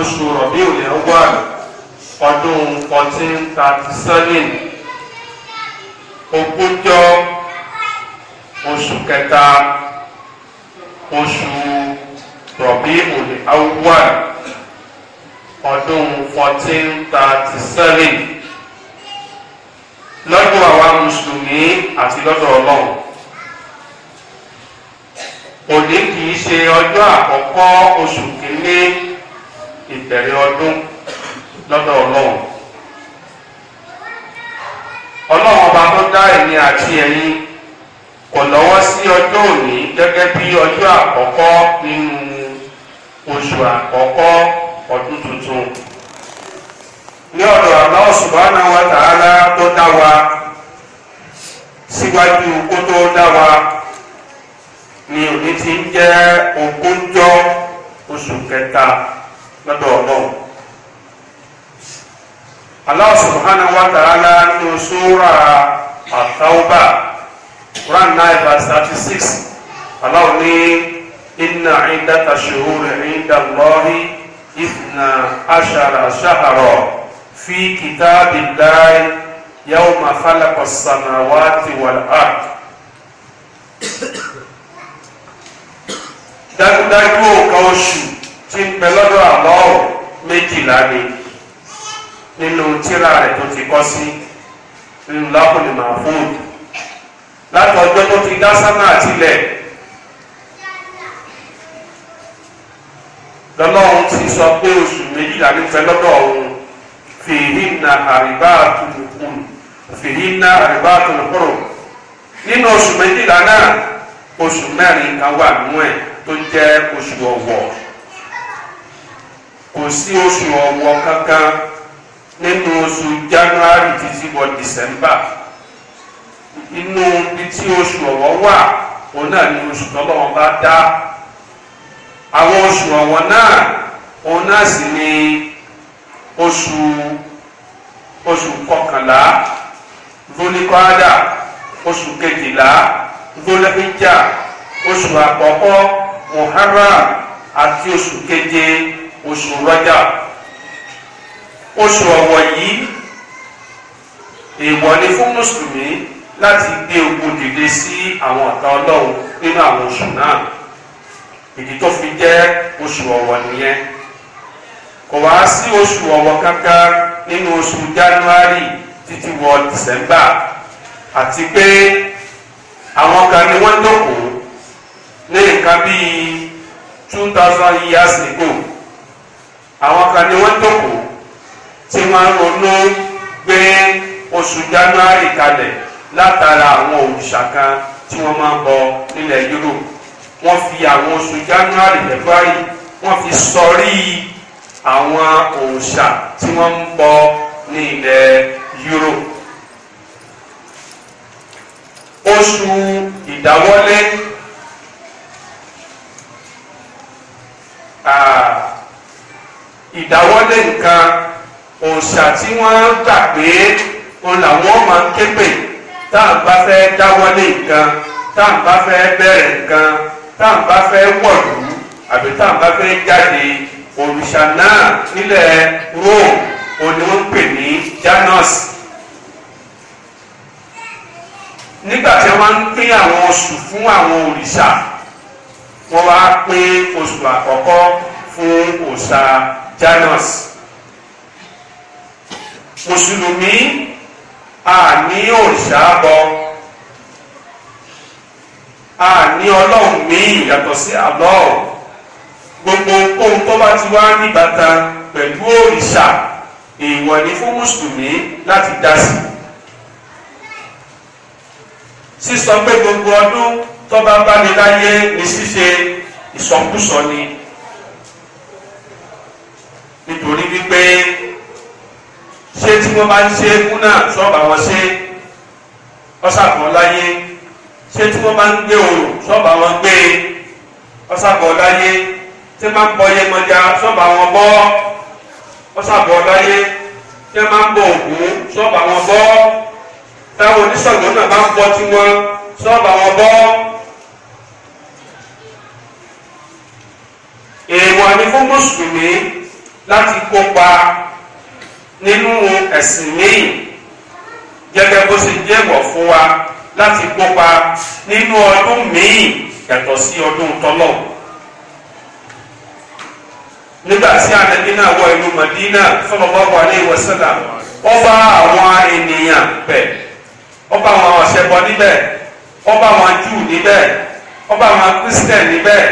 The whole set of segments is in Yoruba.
oṣù rọ̀bíù ní ọgbà ọdún fourteen thirty seven ogúnjọ́ oṣù kẹta oṣù rọ̀bíù ní ọgbà ọdún fourteen thirty seven lọ́dọ̀ àwa mùsùlùmí àti lọ́dọ̀ ọlọ́run òní kìí ṣe ọjọ́ àkọ́kọ́ oṣù kìíní ìbẹ̀rẹ̀ ọdún lọ́dọ̀ ọlọ́run ọlọ́run ọba tó dá èmi àti ẹ̀yin kò lọ́wọ́ sí ọjọ́ òní gẹ́gẹ́ bí ọjọ́ àkọ́kọ́ nínú oṣù àkọ́kọ́ ọdún tuntun ní ọ̀dọ̀ Allah subhanahu wa ta'ala tó dá wa síwájú kó tó dá wa ni òní ti ń jẹ́ ogúnjọ́ oṣù kẹta lọ́dọ̀ ọlọ́run Allah subhanahu wa ta'ala nínú sura àtàwọ́bà Quran nine verse thirty six Allah ní inna iddata shuhuri inda Allahi ithna ashara shahra fi kitabillahi yawma khalaqa as-samawati wal ard dájúdájú òkà oṣù tí ń bẹ lọ́dọ̀ àlọ́ọ̀ méjìlá ni nínú tírà rẹ̀ tó ti kọ́ sí nínú lákùnrin mahfud láti ọjọ́ tó ti dá sánà àtìlẹ̀ lọ́lọ́run ti sọ pé oṣù méjìlá ní bẹ lọ́dọ̀ ọ̀hún fìhínà àríbá àtúnkùn fìhínà àríbá àtúnkùn nínú oṣù méjìlá náà oṣù mẹ́rin kan wà nínú ẹ̀ tó jẹ́ oṣù ọ̀wọ̀ kò sí oṣù ọ̀wọ̀ kankan nínú oṣù january títí wọ december inú bí tí oṣù ọ̀wọ̀ wà òun náà ni oṣù tọ́lọ́wọ́n bá dá àwọn oṣù ọ̀wọ̀ náà òun náà sì ni oṣù oṣù kọkànlá volikọ́ádà oṣù kejìlá volikíjà oṣù àkọ́kọ́ muharram àti oṣù keje oṣù rọjà oṣù ọ̀wọ̀ yìí èèwọ̀ ni fún mùsùlùmí láti gbé ogun dìde sí àwọn ọ̀tá ọlọ́run nínú àwọn oṣù náà ìdí tó fi jẹ́ oṣù ọ̀wọ̀ nìyẹn kò wá sí oṣù ọ̀wọ̀ kankan nínú oṣù january títí wọ december àti pé àwọn kan ni wọ́n dọ̀kọ̀ ní nǹkan bíi two thousand years ago àwọn kan ni wọ́n jókòó tí wọ́n ronú gbé oṣù january kalẹ̀ látara àwọn òrìṣà kan tí wọ́n máa ń bọ nílẹ̀ europe wọ́n fi àwọn oṣù january february wọ́n fi sọrí àwọn òrìṣà tí wọ́n ń bọ ní europe oṣù ìdáwọ́lé. ìdáwọ́lé nǹkan òòṣà tí wọ́n gbà pé òun làwọn máa ń ké pè tá à ń bá fẹ́ dáwọ́lé nǹkan tá à ń bá fẹ́ bẹ̀rẹ̀ nǹkan tá à ń bá fẹ́ wọ̀lú àbí tá à ń bá fẹ́ jáde òrìṣà náà nílẹ̀ Rome òun ni wọ́n ń pè ní Janus nígbà tí wọ́n ń pín àwọn oṣù fún àwọn òrìṣà wọ́n wá pín oṣù àkọ́kọ́ fún òòṣà danas mùsùlùmí àní òòṣà bọ àní ọlọ́run míì yàtọ̀ sí Allah gbogbo ohun tó bá ti wá ní bàtà pẹ̀lú òrìṣà èèwọ̀ ni fún mùsùlùmí láti dá sí i sísọ pé gbogbo ọdún tó bá bá ní láyé ní ṣíṣe ìsọkúsọ ni nítorí wípé ṣé tí wọ́n bá ń ṣe eégún náà sọ́ọ̀bà wọn ṣe ọ̀sàkọ́ láyé ṣé tí wọ́n bá ń gbé òòrùn sọ́ọ̀bà wọn gbé e, ọ̀sàkọ́ láyé tí wọ́n bá ń bọ Yemọja sọ́ọ̀bà wọn bọ́ ọ̀sàkọ́ láyé tí wọ́n bá ń bọ Ògún sọ́ọ̀bà wọn bọ́ táwọn oníṣọ̀gbọ́n náà bá ń bọ tiwọn sọ́ọ̀bà wọn bọ́. èèwọ̀ ni fún mùsùlùmí láti kópa nínú ẹ̀sìn míì gẹ́gẹ́ bó ṣe jẹ́ wọ̀ fún wa láti kópa nínú ọdún míì yàtọ̀ sí ọdún tọ́lọ̀ nígbà tí ànábì náà wọ ìlú Madina sallallahu alaihi wasallam ó bá àwọn ènìyàn bẹ̀ ó bá àwọn ọ̀ṣẹ̀bọ níbẹ̀ ó bá àwọn Júù níbẹ̀ ó bá àwọn Christian níbẹ̀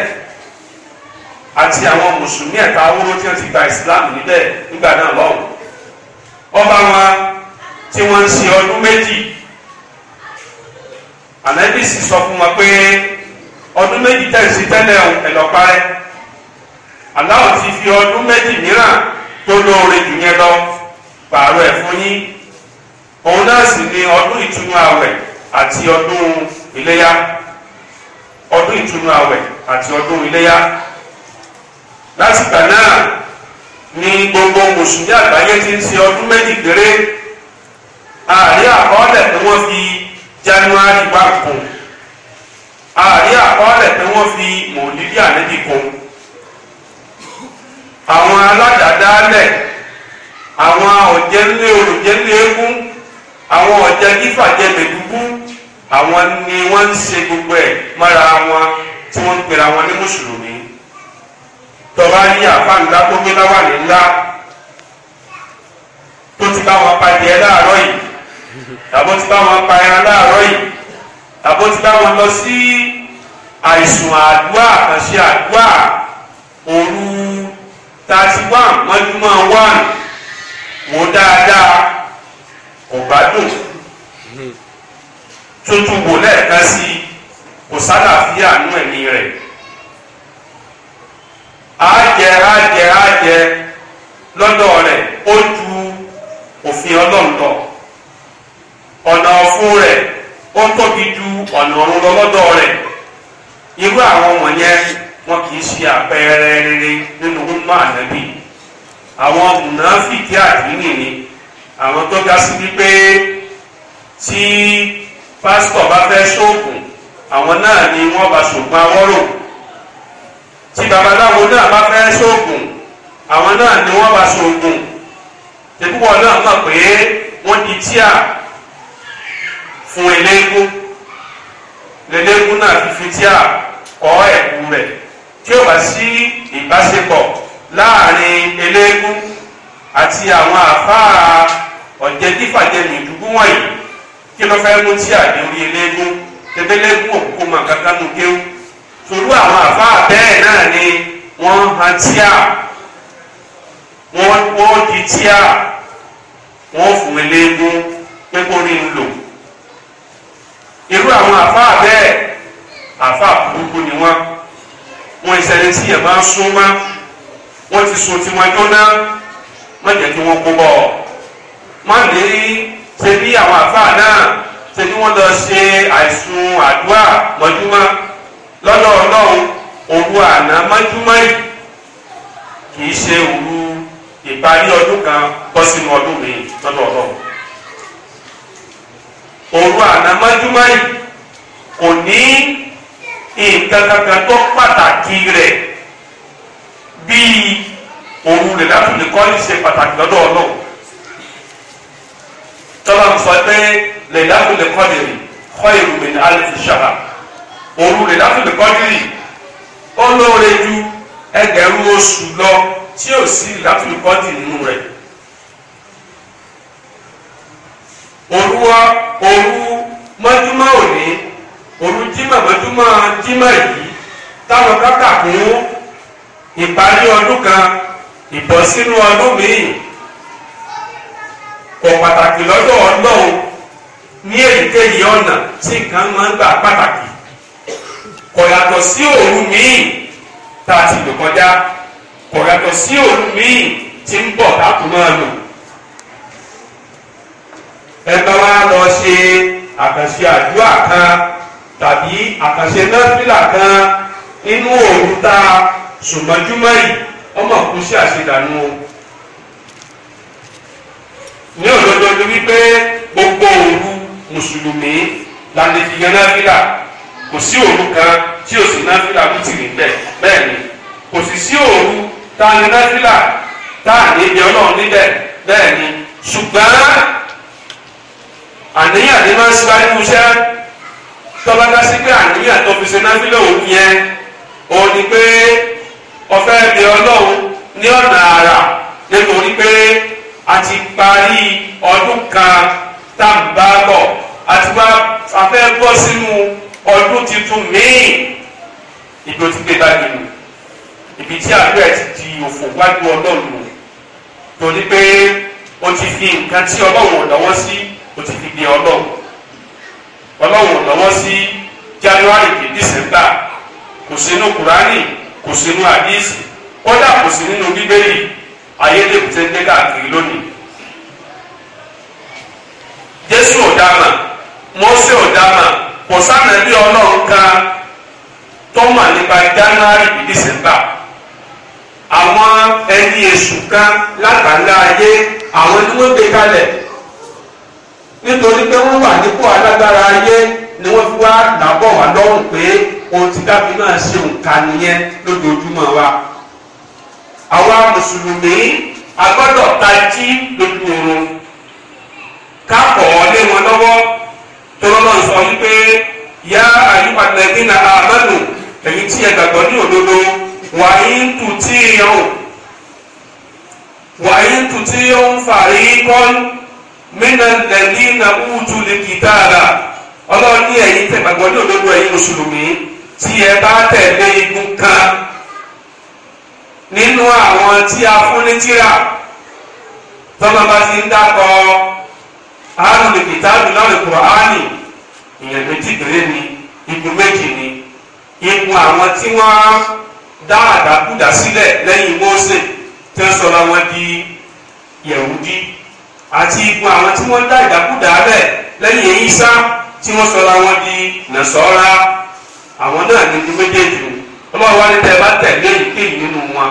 àti àwọn mùsùlùmí ẹ̀ka awúrò tí wọ́n ti gba islam níbẹ̀ nígbà náà lọ́wọ́ ọba wọn tí wọ́n ń ṣe ọdún méjì ànábì sì sọ fún wọn pé ọdún méjì tẹ̀sí tẹ́lẹ̀ ẹ̀lọ́parẹ́ aláwọ̀ ti fi ọdún méjì mìíràn tó lóore jù yẹn lọ pààrọ̀ ẹ̀ fún yín òun náà sì ni ọdún ìtúnu àwẹ̀ àti ọdún iléyá ọdún ìtúnu àwẹ̀ àti ọdún iléyá lásìgbà náà ni gbogbo mùsùlùmí àgbáyé ti ń ṣe ọdún méjì péré àárí àkọọ́lẹ̀ tí wọ́n fi january wá kún àárí àkọọ́lẹ̀ tí wọ́n fi mọ̀lídìí ànẹ́bí kún àwọn aládàádálẹ̀ àwọn ọ̀jẹ̀lé olùjẹ̀lé eégún àwọn ọ̀jẹ̀ kífàjẹ̀ mẹ̀dúgbú àwọn ni wọ́n ń ṣe gbogbo ẹ̀ mọ́ra wọn tí wọ́n ń pera wọn ní mùsùlùmí tọba ní àfa ńlá tó gbé láwàní ńlá tó ti bá wọn pa jẹ láàárọ̀ yìí tàbó ti bá wọn pa ẹran láàárọ̀ yìí tàbó ti bá wọn lọ sí àìsùn àdúrà àkànṣe àdúrà òru thirty one mọ́júmọ́ one wò dáadáa kò bá dùn tuntun wò lẹ́ẹ̀kan sí kò sálàfíà nú ẹ̀mí rẹ̀ àjẹ àjẹ àjẹ lọ́dọ̀ rẹ̀ ó ju òfin ọlọ́run lọ ọ̀nà ọ̀fun rẹ̀ ó tóbi ju ọ̀nà ọ̀run lọ lọ́dọ̀ rẹ̀ irú àwọn wọ̀nyẹn wọn kì í ṣe àpẹẹrẹ rere nínú mímọ́ ànábì àwọn mùnàfíkì àdínì ni àwọn tó ga sí wípé tí pásítọ̀ bá fẹ́ ṣoògùn àwọn náà ni wọ́n bá ṣoògùn awọ́rò tí babaláwo náà bá fẹ́ sóògùn àwọn náà ni wọ́n bá sóògùn tẹ̀kúwọ̀ náà mọ̀ pé wọ́n di tíà fún eléégún lélégún náà fífi tíà kọ́ ẹ̀kú rẹ̀ tí ó bá sí ìbáṣepọ̀ láàrin eléégún àti àwọn àfáà ọ̀jẹ̀dífàjẹ̀mì ìdúgbò wọ̀nyí kí ló fẹ́ mú tíà lórí eléégún tẹ̀bẹ́lẹ́gún òkú mọ̀ kankan nù kéwù torú àwọn àfa bẹ́ẹ̀ náà ni wọ́n han tíà wọ́n wọ́n di tíà wọ́n fún eléégún pé kó rí n lò irú àwọn àfa bẹ́ẹ̀ àfa burúkú ni wọ́n wọ́n ìṣẹ̀lẹ̀ tí yẹn bá ń sún mọ́ wọ́n ti sun tiwọn jóná má jẹ́ kí wọ́n kó bọ̀ má lè rí ṣe bí àwọn àfa náà ṣe bí wọ́n lọ ṣe àìsùn àdúrà mọ́júmọ́ lọ́dọ̀ ọlọ́run òru àná mọ́júmọ́rì kì í ṣe òru ìparí ọdún kan bọ́ sínú ọdún mi lọ́dọ̀ ọlọ́run òru àná mọ́júmọ́rì kò ní nǹkan kankan tó pàtàkì rẹ̀ bíi òru rẹ̀ láti lè kọ́ ní ṣe pàtàkì lọ́dọ̀ ọlọ́run tọ́lá ń sọ pé lè láti lè kọ́ lè rí kọ́ èrò mi ní alẹ́ ti ṣàrà òru rẹ̀ látòlè kọ́dírì ó lóore ju ẹgbẹ̀rún oṣù lọ tí ò sí látòlè kọ́dírì nínú rẹ̀. òru òru mọ́júmọ́ òní òru jímọ̀ mọ́júmọ́ jímọ̀ yìí táwọn kákà kún ìparí ọdún kan ìbọ̀ sínú ọdún míì kò pàtàkì lọ́dọ̀ ọlọ́run ní èyíkéyìí ọ̀nà tí nǹkan máa ń gbà pàtàkì kò yàtọ̀ sí òru míì tá a ti lò kọjá kò yàtọ̀ sí òru míì tí ń bọ̀ tá a tún máa lò ẹ bá wa lọ ṣe àkànṣe àdúrà kan tàbí àkànṣe nọ́fìlà kan nínú òru tá a sùnmọ́júmọ́ yìí ọmọ kù sí àṣedànù o ní òdodo ni wípé gbogbo òru mùsùlùmí la lè fi yan nọ́fìlà kò sí òru kan tí o sì náfìlà mú tìrì ń bẹ bẹ́ẹ̀ ni kò sì sí òru tá a ní náfìlà tá a ní ibi ọlọ́run níbẹ̀ bẹ́ẹ̀ ni ṣùgbọ́n àníyàn ni máa ń ṣíwájú iṣẹ́ tọ́ba dá sí pé àníyàn tó fi ṣe náfìlà òru yẹn òun ni pé ọ̀fẹ́ bí ọlọ́run ní ọ̀nà àrà nítorí pé a ti parí ọdún kan tá à bá bọ̀ àti wá afẹ́ bọ́ sínú ọdún tuntun míì ibi o ti gbé báyìí nù ibi tí àdúrà ti di òfò wájú ọlọ́run torí pé o ti fi nǹkan tí ọlọ́run ò lọ́wọ́ sí o ti fi gbé ọlọ́run ọlọ́run ò lọ́wọ́ sí january to december kò sínú kùránì kò sínú àdísì kódà kò sí nínú bíbélì ayédèkútẹ́ dé káàkiri lónìí jésù ò dá mà mọ́sẹ̀ ò dá mà kò sáànà bí ọlọ́run kan tó mọ̀ nípa january bí december àwọn ẹni èṣù kan látàlá ayé àwọn tí wọ́n gbé kalẹ̀ nítorí pé wọ́n wà nípò alágbára ayé ni wọ́n fi wá dàbọ̀ wá lọ́rùn pé ohun tí dábì náà ṣe òǹkà nìyẹn lójoojúmọ́ wa àwa mùsùlùmí a gbọ́dọ̀ tají lójú oorun ká kọ̀ ọ́ lé wọn lọ́wọ́ tọ́lọ́lọ́ sọ wípé yá àyípadà ẹbí na àbẹ́lù ẹ̀yìn tí ẹ gbàgbọ́ ní òdodo wàyí ń tù tí yẹn o wàyí ń tù tí yẹn ń fàrí kọ́ mínà lẹ́bí na kúùtù lè kì í dára ọlọ́run ní ẹ̀yìn tẹ̀ gbàgbọ́ ní òdodo ẹ̀yìn mùsùlùmí tí ẹ bá tẹ̀lé igun kan nínú àwọn tí a fún ní tíra tọ́lọ́ bá ti ń dákọ̀ọ́ alùpùpù kìtàbù lọ́rọ̀ kùránì ìyẹn méjì péré ni igun méjì ni igun àwọn tí wọ́n dá àdàkúdà sílẹ̀ lẹ́yìn Mósè tí wọ́n sọ̀rọ̀ wọn di Yẹ̀húdí àti igun àwọn tí wọ́n dá ìdàkúdà rẹ̀ lẹ́yìn Ìsá tí wọ́n sọ̀rọ̀ wọn di Nàsárà àwọn náà ní igun méjèèjì ọlọ́run wá ní tẹ́ bá tẹ̀lé èyíkéyìí nínú wọn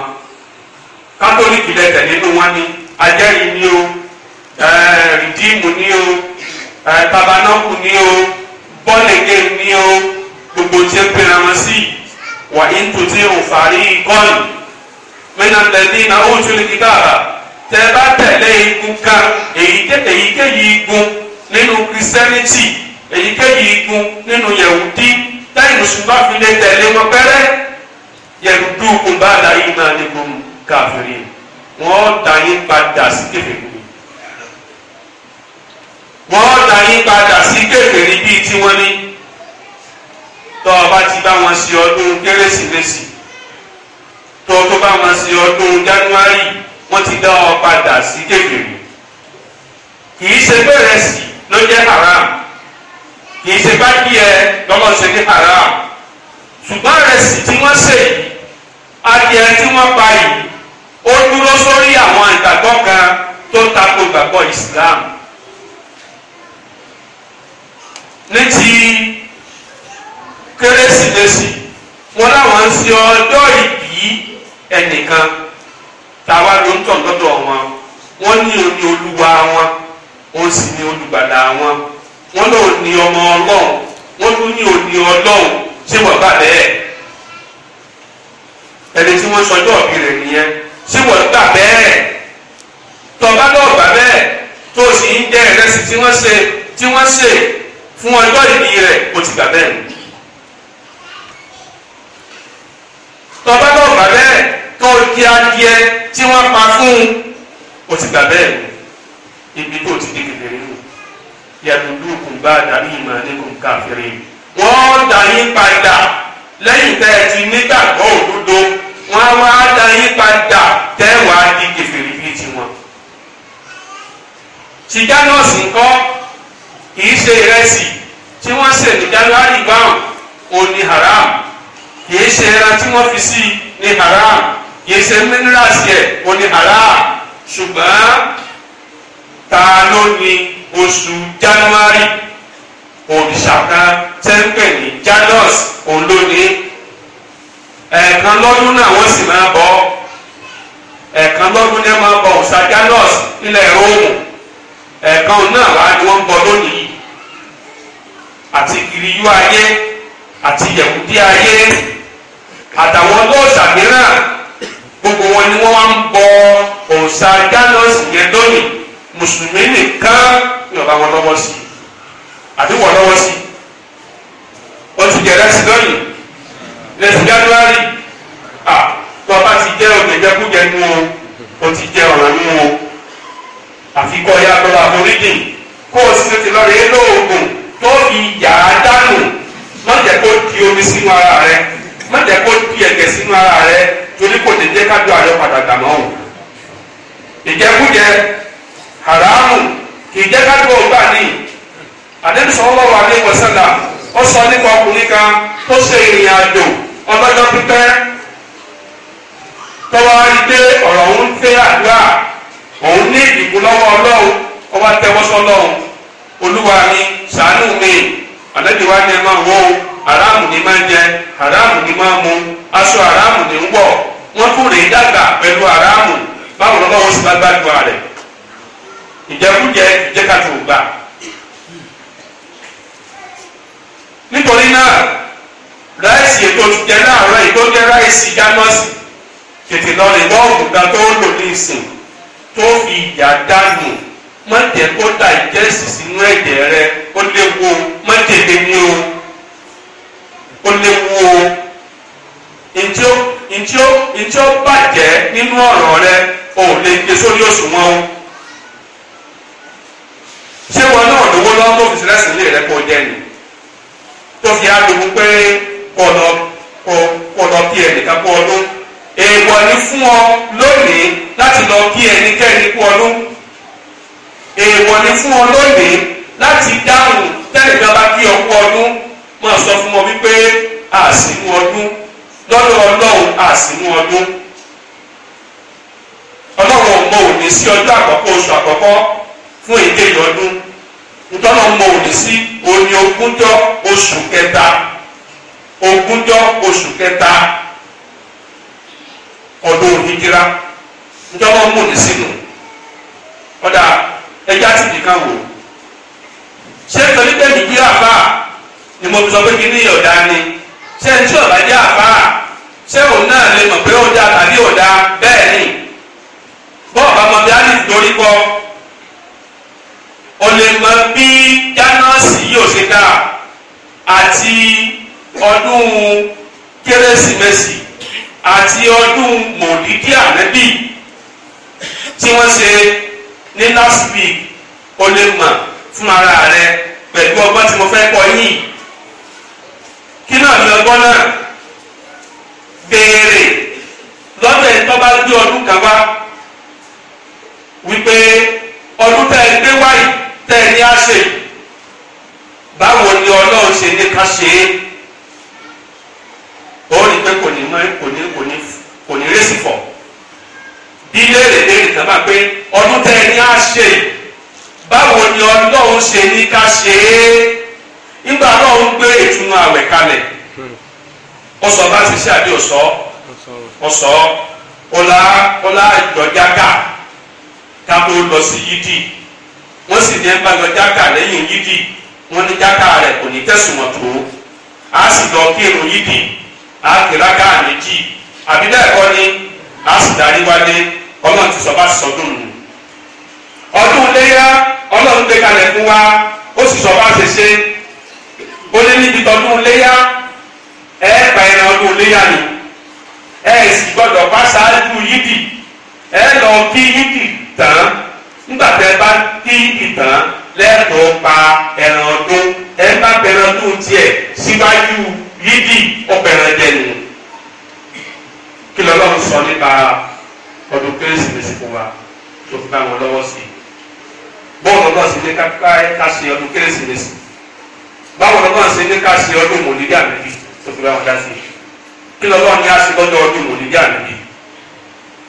kátólíkì lẹ tẹ̀lé nínú wọn ni ajẹ́rìí ni o. Eh, rìdíìmù ní o babanọ́kù eh, ní o bọ́ọ̀lẹ̀gẹ́ ní o gbogbo tí ń pera wọn sí wà á tó tí ò fàárí gọ́ọ̀lù mẹ́nà lẹ́ni náà ó tún lè fi dára tẹ́ bá tẹ̀lé igun kan èyíkéyìí igun nínú Christianity èyíkéyìí igun nínú Yẹ̀wùdí táyì mùsùlùmá fi lè tẹ̀lé wọn pẹ́rẹ́ Yẹ̀wùdí kò bá àdáyé náà ní gbòm káfírin wọ́n dàyé padà sí kébèkú wọ́n dá yín padà sí kèfèrí bíi tiwọn ní tó o bá ti bá wọn sí ọdún kérésìmesì tó o tó bá wọn sí ọdún january wọ́n ti dá ọ padà sí kèfèrí kì í ṣe bẹ̀rẹ̀ sí ló jẹ́ haram kì í ṣe bá kí ẹ lọ́lọ́ ṣe ní haram ṣùgbọ́n ìrẹsì tí wọ́n ṣe yìí adìẹ tí wọ́n pa yìí ó dúró sórí àwọn ìgbàgbọ́ kan tó tako ìgbàgbọ́ Islam. ní ti kérésìmesì wọn làwọn ń ṣe ọjọ́ ìbí ẹnìkan táwa ló ń tàn lọ́dọ̀ wọn wọ́n ní oní olúwa wọn wọ́n sì ní olùgbàlà wọn wọ́n lò ní ọmọ ọlọ́run wọ́n tún ní oní ọlọ́run ṣé wọ́n bá bẹ́ẹ̀ ẹni tí wọ́n sọjọ́ òbí rẹ̀ nìyẹn ṣé wọ́n gbà bẹ́ẹ̀ tọ́ba náà gbà bẹ́ẹ̀ tó o sì ń jẹ́ ẹ̀rẹ́sì tí wọ́n ṣe tí wọ́n ṣe fún ọjọ́ ìdí rẹ̀ mo ti gbà bẹ́ẹ̀ ni. tọ́ba tó gbà bẹ́ẹ̀ tó di adìẹ tí wọ́n pa fún un mo ti gbà bẹ́ẹ̀ ni. ibi tó ti di kékeré nù yàtúndú kùn bá dàrí ìmọ̀ ẹ̀dẹ́gùn káfíìrì wọ́n dà yín padà lẹ́yìn tẹ́ ẹ ti nígbàgbọ́ òdodo wọ́n á wá dà yín padà tẹ́wàá di kèfèrí bíi tiwọn. sìgá nọ́ọ̀sì ńkọ́ kìí ṣe ìrẹsì tí wọ́n ṣe ní january báwọn ò ní haram kìí ṣe ẹran tí wọ́n fi sí ní haram kìí ṣe minerals yẹ ò ní haram ṣùgbọ́n ta ló ní oṣù january òrìṣà kan tẹ́ńpẹ̀ ní janos òun ló ní ẹ̀ẹ̀kan lọ́dún náà wọ́n sì máa bọ́ ẹ̀ẹ̀kan lọ́dún náà máa bọ̀ ọ̀sà janos nílẹ̀ róòmù ẹ̀ẹ̀kan náà wá ni wọ́n ń lónìí àti kìrìyú ayé àti yẹ̀kúdí ayé àtàwọn lọ́ọ̀sà mìíràn gbogbo wọn ni wọ́n wá ń bọ òòṣà gánọ́ọ̀sì yẹn lónìí mùsùlùmí nìkan ni ọba wọn lọ́wọ́ sí àbí wọn lọ́wọ́ sí wọ́n ti jẹ́ lẹ́sìn lónìí lẹ́sìn january ah tó o bá ti jẹ́ òjẹ̀jẹ̀kújẹ nù o o ti jẹ́ ọ̀rọ̀ nù o àfikọ́ ya lọ́la foríjì kó o sì ti lọ́ọ́ rèé lò fún ara rẹ torí kò ní jẹ́ kájọ àrẹ padà gbà mọ́ òun ìjẹkújẹ haramu kì í jẹ́ kájọ ògbà ní àdébísọ̀wọ́ wà ní wọ̀sánà ó sọ nípa ọkùnrin kan tó ṣe ìrìn àjò ọlọ́jọ́ pípẹ́ tọ́wọ́ ilé ọ̀rọ̀ òun fẹ́ àdúrà òun ní ìdìkúlọ́wọ́ ọlọ́run ọba tẹ́wọ́ sọ́lọ́run olúwa mi ṣàánú mi àdébíwá ni ẹ máa wọ́ ọ haramu jẹ haramu ni máa mu aṣọ haramu ni ń wọ̀ wọ́n tún rè dàgbà pẹ̀lú haramu báwo lọ́wọ́ wọn sì bá gbàdúrà rẹ̀ ìjẹkújẹ ìjẹkàtò gbà nítorí náà ráìsì ètò jẹ láàárọ̀ ètò jẹ ráìsì jánọ́sì tètè lọ rè wọ́ọ̀mù gan tó ń lò ní ìsìn tó fi ìyà dànù mọ̀tẹ́ kó dà ìjẹ́sì sínú ẹ̀jẹ̀ rẹ ó léwu mọ̀tẹ́ lé ní o ó léwu o ntí ó ntí ó ntí ó bàjẹ́ nínú ọ̀rọ̀ rẹ o ò lè gbé sórí òṣùwọ̀n o ṣé wọn náà lówó lọ́wọ́ tó fi sílẹ̀ sílé rẹ kó jẹ́ ni tó fi àdùnkù pé kó lọ kó kó lọ kí ẹnìkan kó ọdún èèwọ̀ ni fún ọ lónìí láti lọ kí ẹnikẹ́ni kó ọdún èèwọ̀ ni fún ọ lónìí láti dáhùn tẹ́lifíà bá kí ọ kó ọdún. máa sọ fún wọn wípé àsìnú ọdún lọ́dọ̀ ọlọ́run àsìnú ọdún ọlọ́run ò mọ òní sí ọjọ́ àkọ́kọ́ oṣù àkọ́kọ́ fún èdè ìlọ́dún ntọ́nà mọ òní sí òní ogúnjọ́ oṣù kẹta ogúnjọ́ oṣù kẹta ọdún òhìjìrá ntọ́nà mọ òní sínú ọ̀dà ẹja wò ṣé nìjíríà bá a. ni mo fi pé kí ni ọ̀dà ni ṣé tí ọ̀dà jẹ́ àbá ṣé òun náà lè mọ̀ pé ọ̀dà tàbí ọ̀dà bẹ́ẹ̀ ni bọ́ọ̀bù ọmọdé á lè dorí kọ o lè mọ bí jánọ́ọ̀sì yóò ṣe dà àti ọdún kérésìmesì àti ọdún mòlídìí ànẹ́bí tí wọ́n ṣe ní last week o lè mọ̀ fún ara rẹ pẹ̀lú ọgbọ́n tí mo fẹ́ kọ yìí kí náà ní ọgbọ́n náà béèrè lọ́dọ̀ ẹ̀ tó bá gbé ọdún kan wá wípé ọdún tẹ́ ẹ gbé wáyé tẹ́ ẹ ní àṣẹ báwo ni ọlọ́run ṣe ní ká ṣe é ó rí i pé kò ní kò ní kò ní kò ní rẹ́sì fọ̀ bí léèrè léèrè kan bá pé ọdún tẹ́ ẹ ní àṣẹ báwo ni ọlọ́run ṣe ní ká ṣe é nígbà náà ń gbé ìtúnu àwẹ̀ kalẹ̀ ọsọ bá ṣiṣẹ́ àbí ọ̀sọ́ ọ̀sọ́ ọ̀la ọ̀la ìjọjáka ká tó lọ sí yídì wọ́n sì ní ẹ bá lọ jáka lẹ́yìn yídì wọ́n ní jáka rẹ̀ kò ní tẹ̀sùmọ̀ tó a sì lọ kírun yídì a kìlá ká méjì àbí bẹ́ẹ̀ kọ́ ni a sì darí wálé ọlọ́run ti sọ bá sọdún nù ọdún léyà ọlọ́run gbé kalẹ̀ fún wa ó sì sọ bá ṣe ṣe ó lé níbi tọdún léyà ẹ pa ẹran ọdún léyà ni ẹ sì gbọ́dọ̀ bá ṣáájú yídì ẹ lọ kí yídì tán nígbà tẹ bá kí yídì tán lẹ́tọ̀ọ́ pa ẹran ọdún ẹ bá bẹ̀rẹ̀ ọdún tiẹ̀ síwájú yídì ọbẹ̀rẹ̀ dẹnu kí lọ́lọ́run sọ nípa ọdún kérésìmesì fún wa tó fi bá wọn lọ́wọ́ sí i bọ́ọ̀lù náà sì ní ká ṣe ọdún kérésìmesì báwo lọ́gbọ́n ṣe ní ká ṣe ọdún mòlídìí ànábì tó fi bá wọn dá sí i kí lọ́lọ́run ní a ṣe lọ́jọ́ ọdún mòlídìí ànábì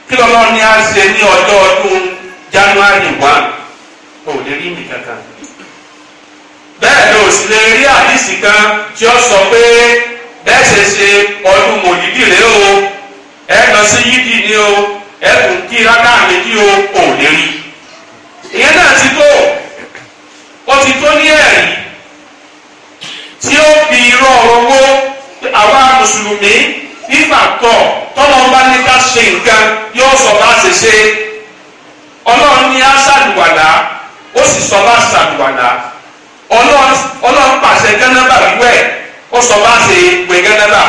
kí lọ́lọ́run ní a ṣe ní ọjọ́ ọdún january one kò lè rí mi kankan bẹ́ẹ̀ ni òsì lè rí àdìsí kan tí ó sọ pé bẹ́ẹ̀ ṣe ṣe ọdún mòlídìí rèé o ẹ lọ sí yídì ni o ẹ kò kí rákà méjì o kò lè rí ìyẹn náà ti tó ó ti tó ní ẹ̀rí tí ó fi irọ́ owó àwa mùsùlùmí nígbà tó tọ́lọ́ bá ní ká ṣe nǹkan yóò sọ bá ṣe ṣe ọlọ́run ní á ṣàlùwàlà ó sì sọ bá ṣàlùwàlà ọlọ́run pàṣẹ gánábà wíwẹ̀ ó sọ bá ṣe wẹ̀ gánábà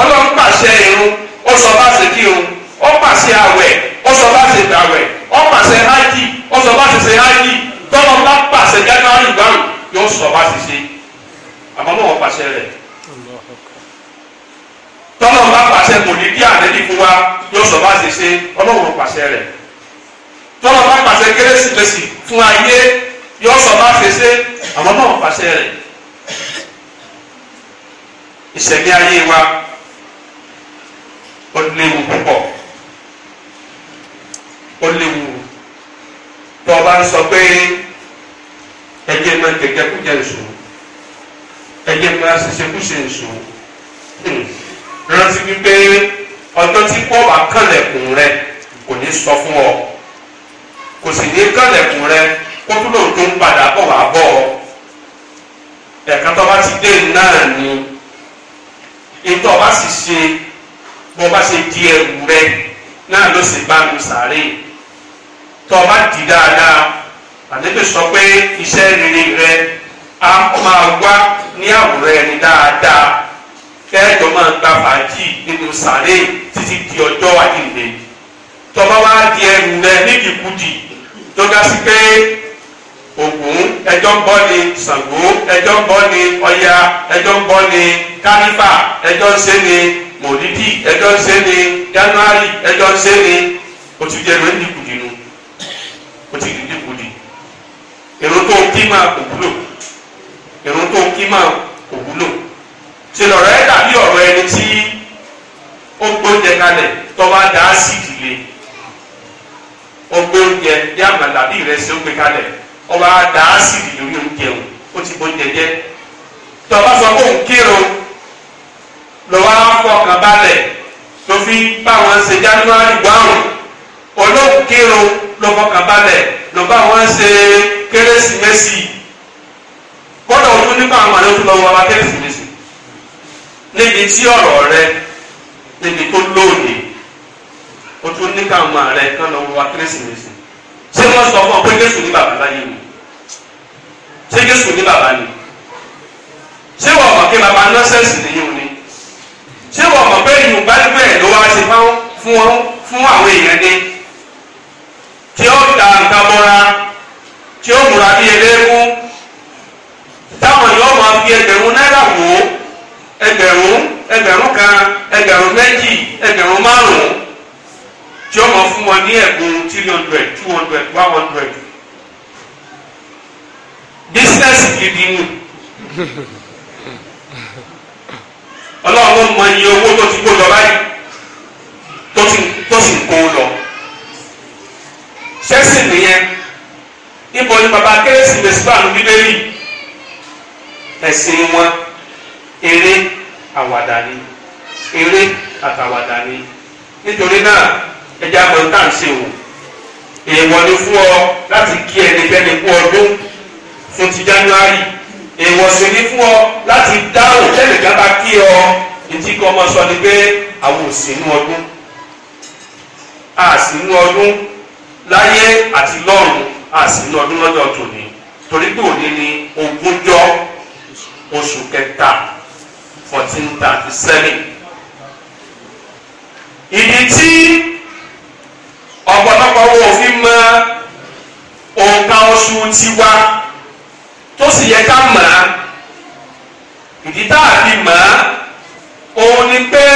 ọlọ́run pàṣẹ irun ó sọ bá ṣe kírun ó pàṣẹ àwẹ̀ ó sọ bá ṣe gbàwẹ̀ ó pàṣẹ hájì ó sọ bá ṣe ṣe hájì tọ́lọ́ bá pàṣẹ gánábà yóò sọ bá ṣe ṣe àbámọ̀ wọn pàṣẹ rẹ̀ tọ́lọ́run bá pàṣẹ kò ní dí àdẹ́bí fún wa yóò sọ bá ṣe ṣe ọlọ́run pàṣẹ rẹ̀ tọ́lọ́run bá pàṣẹ kérésìmesì fún ayé yóò sọ bá ṣe ṣe àbámọ̀ wọn pàṣẹ rẹ̀ ìṣẹ̀lẹ̀ ayé wa ó léwu púpọ̀ ó léwu tó o bá ń sọ pé ẹgbẹ́ máa ń gẹ́gẹ́ kó jẹ́ ìṣòro ẹgbẹ́ máa ṣiṣẹ́ kú ṣe èso hmm. rántí wípé ọjọ́ tí kò bá kànlẹ̀kùn rẹ kò ní sọ fún ọ kò sì ní kànlẹ̀kùn rẹ kó tó lóun tó ń padà bọ̀ wá bọ̀ ọ ẹ̀ka tó bá ti dé náà ni ètò ọba sì ṣe bó bá ṣe di ẹrù rẹ náà ló sì bá mi sàárè tó bá di dáadáa àdébè sọ pé iṣẹ́ rere rẹ a máa wá ní àwòrán ẹni dáadáa kẹ́ẹ̀jọ́ máa gba fàájì nínú sàárè títí di ọjọ́ àdìmé tọ́ba wá di ẹrù rẹ nídìkudì tó sí pé Ògún ẹjọ́ ń bọ́ ni Ṣàngó ẹjọ́ ń bọ́ ni Ọya ẹjọ́ ń bọ́ ni kánífà ẹjọ́ ń ṣe ni mòlídì ẹjọ́ ń ṣe ni January ẹjọ́ ń ṣe ni òtún jẹ́ ẹrù ẹ̀ nídìkudì nu òtún ìdìkudì èrò tó kí máa kù kímọ̀ kò wúlò ṣe lọ̀rọ̀ ẹ dàbí ọ̀rọ̀ ẹni tí ó gbóúnjẹ kalẹ̀ tó bá dá síìkì lé ọgbóúnjẹ bí àmàlà bí ìrẹsì ó gbé kalẹ̀ ọba dá síìkì lórí oúnjẹ o ó ti gbóúnjẹ jẹ tó bá sọ fóun kírun lọ́wọ́ fọkàn balẹ̀ tó fi bá wọn ṣe January gbárùn olóhùn kírun lọ́fọkàn balẹ̀ lọ́ba wọn ṣe Kérésìmesì kọ́dọ̀ òun nípa àwọn àlejò lọ́wọ́ wa bá kẹ́sì lé sí níbi tí ọ̀rọ̀ rẹ níbi tó lóde o tún nípa àwọn àrẹ kan lọ́wọ́ wa kẹ́sì lé sí ṣé wọ́n sọ fún ọ pé Jésù ní bàbá láyé mi ṣé Jésù ní bàbá ni ṣé wọ́n mọ̀ pé bàbá nọ́sẹ̀sì nìyí òní ṣé wọ́n mọ̀ pé ìlú gbálùgbé ẹ̀ ló wá ṣe fún àwọn èèyàn dé tí ó da nǹkan mọ́ra tí ó múra bí eléégún fi ẹgbẹ̀rún náírà wò ó ẹgbẹ̀rún ẹgbẹ̀rún kan ẹgbẹ̀rún méjì ẹgbẹ̀rún márùn-ún tí ó mọ̀ fún wọn ní ẹ̀bùn three hundred two hundred one hundred business gidi ni ọlọ́run mọ iye owó tó ti kó lọ báyìí tó ti tó sì kó lọ ṣẹ́sìn nìyẹn níbo ni bàbá kérésìmesì wà ní bíbélì ẹ̀sìn wọn eré àwàdà ni eré àtàwàdà ni nítorí náà ẹja mọ̀ tá à ń ṣe wò èèwọ̀ ni fún ọ láti kí ẹnikẹ́ni kú ọdún fún ti January èèwọ̀ sì ni fún ọ láti dá òtẹ́ẹ̀lì kan bá kí ọ etí kọ́ ọmọ sọ ni pé àwọn ò sí inú ọdún a sì inú ọdún láyé àti lọ́run a ọdún lọ́jọ́ tòní torí pé òní ni ogúnjọ́ oṣù kẹta fourteen thirty seven ìdí tí ọ̀pọ̀lọpọ̀ wo fi mọ òǹkà oṣù tiwa tó sì yẹ ká mọ̀ á ìdí tá a fi mọ̀ á òun ni pé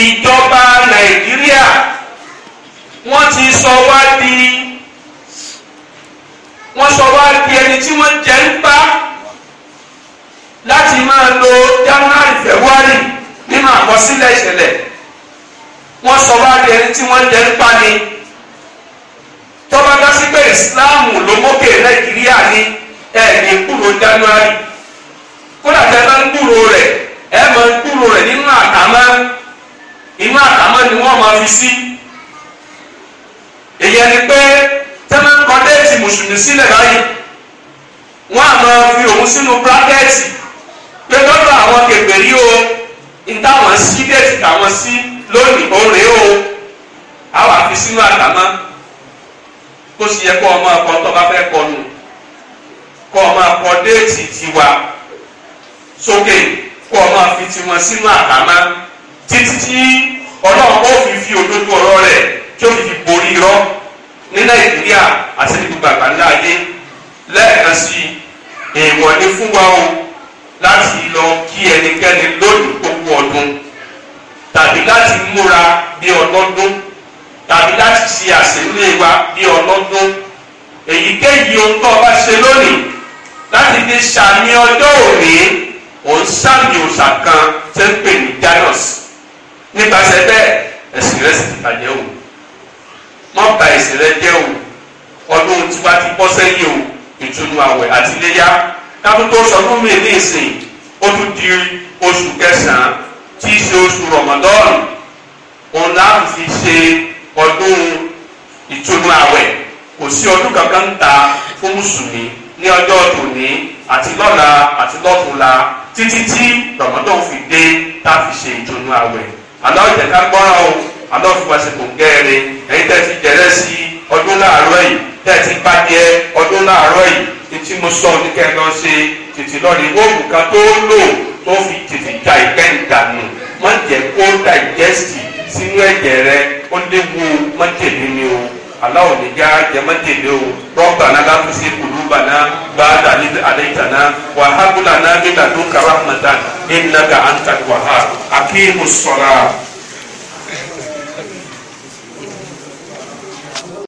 ìjọba Nàìjíríà wọ́n ti sọ wá di wọ́n sọ wá di ẹni tí wọ́n jẹ́ ń bá. lo january february nínú àkọsílẹ̀ ìṣẹ̀lẹ̀ wọ́n sọ wá di ẹni tí wọ́n jẹ́ nípa ni tọ́ba dá sí pé ìsìláàmù ló mókè nàìjíríà ní ẹ̀ẹ́dì kúrò january kódà tẹ́ bá ń kúrò rẹ̀ ẹ̀ máa ń kúrò rẹ̀ nínú àtàmọ́ inú àtàmọ́ ni wọ́n máa fi sí èyí ẹni pé tẹ́lẹ̀ ń kọ́ déètì mùsùlùmí sílẹ̀ báyìí wọ́n á máa fi òun sínú pé lọ́dọ̀ àwọn kèfèrí o ìtàwọn sí déètì tàwọn sí lónìí ó rèé o àwọn àfi sínú àtàmọ́ kó sì yẹ kó ọmọ ọkọ tó bá fẹ́ kọ nù kó ọmọ ọkọ déètì tiwa sókè kó ọmọ fi tiwọn sínú àtàmọ́ títí tí ọlọ́run ó fi fi òdodo ọ̀rọ̀ rẹ̀ tí ó fi fi borí irọ́ ní Nàìjíríà àti ní gbogbo àgbáńlá ayé lẹ́ẹ̀kan sí i fún wa o láti lọ kí ẹnikẹ́ni lónìí gbogbo ọdún tàbí láti múra bí ọlọ́dún tàbí láti ṣe àṣìlè wa bí ọlọ́dún èyíkéyìí ohun tó o bá ṣe lónìí láti fi ṣàmì ọjọ́ òní òun ṣàmì òòṣà kan tí ń pè ní janus nípasẹ̀ bẹ́ẹ̀ ẹ̀sìn rẹ̀ sì ti bàjẹ́ o mọ́ba ẹ̀sìn rẹ̀ jẹ́ o ọdún tí wàá ti bọ́ sẹ́yìn o ìtùnú àwẹ̀ àti iléyà káwọn tó sọ fún mi ní ìsìn o tún di oṣù kẹsàn-án tí í ṣe oṣù rọmọdọ́ọ̀nù òun láà fi ṣe ọdún ìtúnu àwẹ̀ kò sí ọdún kankan ta fún mùsùlùmí ní ọjọ́ tòní àti lọ́la àti lọ́tùnla títí tí rọmọdọ́ọ̀nù fi dé tá a fi ṣe ìtúnu àwẹ̀ àlọ́ ìjẹ̀ká gbọ́ràn o àlọ́ fi wá sí kò ń gẹ́rẹ́ ẹ̀yin tẹ́ ti jẹ̀rẹ́ sí ọdún láàárọ̀ yìí tẹ́ ti bá jẹ ọdún láàárọ̀ etí mo sọ ní kẹ́ ẹ lọ ṣe tètè lọ́ọ̀ni wọ́ọ̀mù kan tó lò tó fi tètè da ìgbẹ́ ìdànù má jẹ́ kó dàìjẹ́sì sínú ẹ̀jẹ̀ rẹ ó léwu má tèmi ni o aláwọ̀ ní já jẹ́ má tèmi o rọ́bà náà bá fi ṣe kùlú bàná bá dàní àdéhìtàná wà á náà bí làdó kàrà ẹ̀ nàgà àǹtà wà á sọ̀rọ̀.